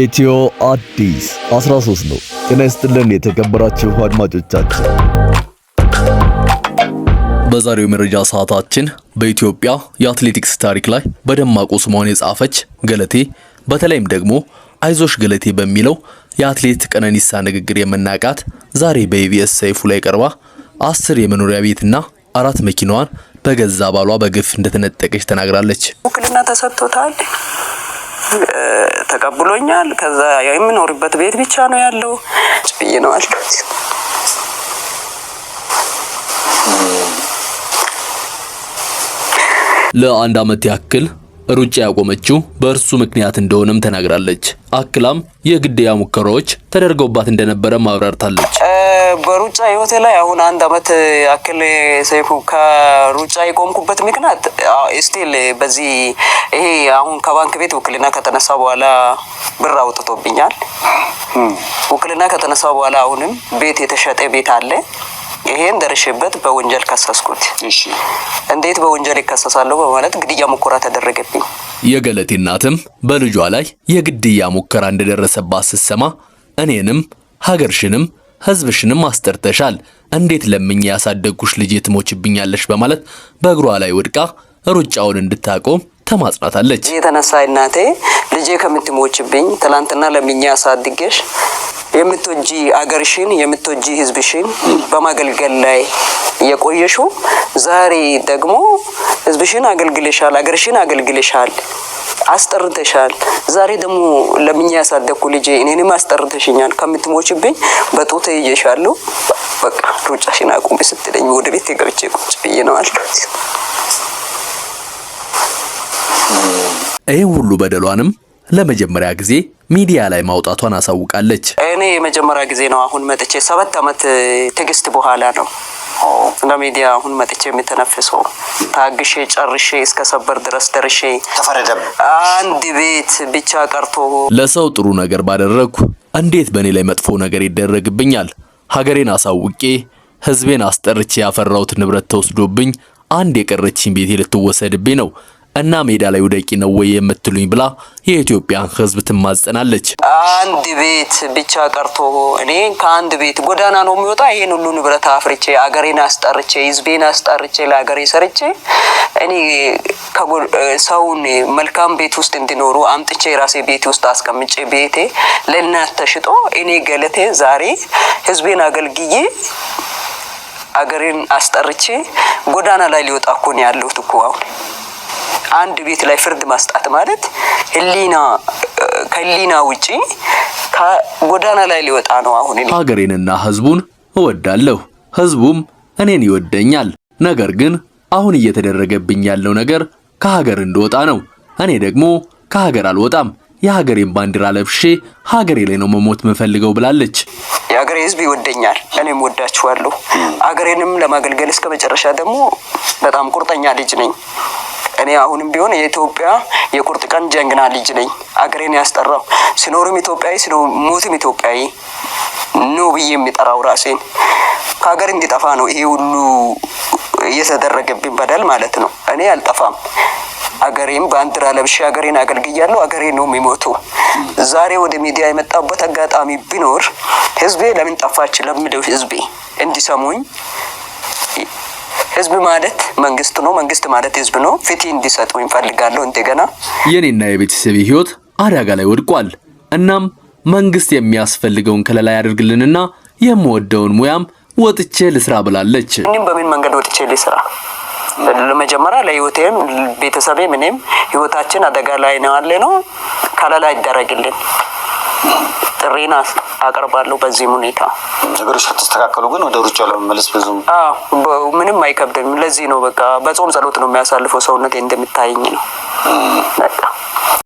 ኢትዮ አዲስ 13 ነው። ጤና ይስጥልን የተከበራችሁ አድማጮቻችን፣ በዛሬው መረጃ ሰዓታችን በኢትዮጵያ የአትሌቲክስ ታሪክ ላይ በደማቁ ስሟን የጻፈች ገለቴ በተለይም ደግሞ አይዞሽ ገለቴ በሚለው የአትሌት ቀነኒሳ ንግግር የምናቃት ዛሬ በኢቢኤስ ሰይፉ ላይ ቀርባ አስር የመኖሪያ ቤትና አራት መኪናዋን በገዛ ባሏ በግፍ እንደተነጠቀች ተናግራለች። ውክልና ተሰጥቶታል። ተቀብሎኛል። ከዛ የምኖርበት ቤት ብቻ ነው ያለው ብዬ ነው አለ። ለአንድ አመት ያክል ሩጫ ያቆመችው በእርሱ ምክንያት እንደሆነም ተናግራለች። አክላም የግድያ ሙከራዎች ተደርገውባት እንደነበረ ማብራርታለች። በሩጫ ህይወቴ ላይ አሁን አንድ አመት አክል ሰይፉ ከሩጫ የቆምኩበት ምክንያት ስቲል በዚህ ይሄ አሁን ከባንክ ቤት ውክልና ከተነሳ በኋላ ብር አውጥቶብኛል። ውክልና ከተነሳ በኋላ አሁንም ቤት የተሸጠ ቤት አለ ይሄን ደረሼበት በወንጀል ከሰስኩት። እንዴት በወንጀል ይከሰሳለሁ በማለት ግድያ ሙከራ ተደረገብኝ። የገለቴ እናትም በልጇ ላይ የግድያ ሙከራ እንደደረሰባት ስትሰማ እኔንም ሀገርሽንም ህዝብሽንም አስጠርተሻል፣ እንዴት ለምኛ ያሳደግኩሽ ልጄ ትሞችብኛለሽ በማለት በእግሯ ላይ ወድቃ ሩጫውን እንድታቆም ተማጽናታለች። የተነሳ እናቴ ልጄ ከምትሞችብኝ ትላንትና ለምኛ ሳድገሽ የምትወጂ አገርሽን የምትወጂ ህዝብሽን በማገልገል ላይ የቆየሹ ዛሬ ደግሞ ህዝብሽን አገልግልሻል፣ አገርሽን አገልግልሻል፣ አስጠርተሻል። ዛሬ ደግሞ ለምኛ ያሳደግኩ ልጄ እኔንም አስጠርተሽኛል። ከምትሞችብኝ በጡት ይዤሻለሁ። በቃ ሩጫሽን አቁሚ ስትለኝ ወደ ቤት የገብቼ ቁጭ ብዬ ነው አልኩት። ይህን ሁሉ በደሏንም ለመጀመሪያ ጊዜ ሚዲያ ላይ ማውጣቷን አሳውቃለች። እኔ የመጀመሪያ ጊዜ ነው አሁን መጥቼ ሰባት ዓመት ትዕግስት በኋላ ነው ለሚዲያ አሁን መጥቼ የሚተነፍሰው ታግሼ ጨርሼ እስከ ሰበር ድረስ ደርሼ አንድ ቤት ብቻ ቀርቶ ለሰው ጥሩ ነገር ባደረግኩ እንዴት በእኔ ላይ መጥፎ ነገር ይደረግብኛል? ሀገሬን አሳውቄ ህዝቤን አስጠርቼ ያፈራሁት ንብረት ተወስዶብኝ አንድ የቀረችኝ ቤቴ ልትወሰድብኝ ነው። እና ሜዳ ላይ ውደቂ ነው ወይ የምትሉኝ ብላ የኢትዮጵያን ህዝብ ትማጸናለች። አንድ ቤት ብቻ ቀርቶ እኔ ከአንድ ቤት ጎዳና ነው የሚወጣ ይሄን ሁሉ ንብረት አፍርቼ አገሬን አስጠርቼ ህዝቤን አስጠርቼ ለአገሬ ሰርቼ እኔ ሰውን መልካም ቤት ውስጥ እንዲኖሩ አምጥቼ የራሴ ቤት ውስጥ አስቀምጬ ቤቴ ለእናት ተሽጦ እኔ ገለቴ ዛሬ ህዝቤን አገልግዬ አገሬን አስጠርቼ ጎዳና ላይ ሊወጣ እኮ ነው ያለሁት እኮ አሁን አንድ ቤት ላይ ፍርድ ማስጣት ማለት ህሊና ከህሊና ውጪ ከጎዳና ላይ ሊወጣ ነው። አሁን ሀገሬንና ህዝቡን እወዳለሁ፣ ህዝቡም እኔን ይወደኛል። ነገር ግን አሁን እየተደረገብኝ ያለው ነገር ከሀገር እንደወጣ ነው። እኔ ደግሞ ከሀገር አልወጣም፣ የሀገሬን ባንዲራ ለብሼ ሀገሬ ላይ ነው መሞት ምፈልገው ብላለች። የሀገሬ ህዝብ ይወደኛል፣ እኔም ወዳችኋለሁ። ሀገሬንም ለማገልገል እስከ መጨረሻ ደግሞ በጣም ቁርጠኛ ልጅ ነኝ። እኔ አሁንም ቢሆን የኢትዮጵያ የቁርጥ ቀን ጀግና ልጅ ነኝ። አገሬን ያስጠራው ስኖርም ኢትዮጵያዊ ስሞትም ኢትዮጵያዊ ኖ ብዬ የሚጠራው ራሴን ከሀገር እንዲጠፋ ነው ይሄ ሁሉ እየተደረገብኝ በደል ማለት ነው። እኔ አልጠፋም። አገሬም ባንዲራ ለብሼ አገሬን አገልግያለሁ። አገሬ ነው የሚሞቱ። ዛሬ ወደ ሚዲያ የመጣበት አጋጣሚ ቢኖር ህዝቤ ለምን ጠፋች ለምለው ህዝቤ እንዲሰሙኝ ህዝብ ማለት መንግስት ነው፣ መንግስት ማለት ህዝብ ነው። ፍትህ እንዲሰጡ እንፈልጋለሁ። እንደገና የኔና የቤተሰቤ ህይወት አደጋ ላይ ወድቋል። እናም መንግስት የሚያስፈልገውን ከለላ ያደርግልንና የምወደውን ሙያም ወጥቼ ልስራ ብላለች። እኔም በምን መንገድ ወጥቼ ልስራ? ለመጀመሪያ ለህይወቴም ቤተሰቤ ምንም ህይወታችን አደጋ ላይ ነው ያለ ነው። ከለላ ይደረግልን ጥሪናስ አቀርባለሁ። በዚህም ሁኔታ ነገሮች ከተስተካከሉ ግን ወደ ሩጫ ለመመለስ ብዙ ምንም አይከብድም። ለዚህ ነው በቃ በጾም ጸሎት ነው የሚያሳልፈው ሰውነቴ እንደሚታየኝ ነው።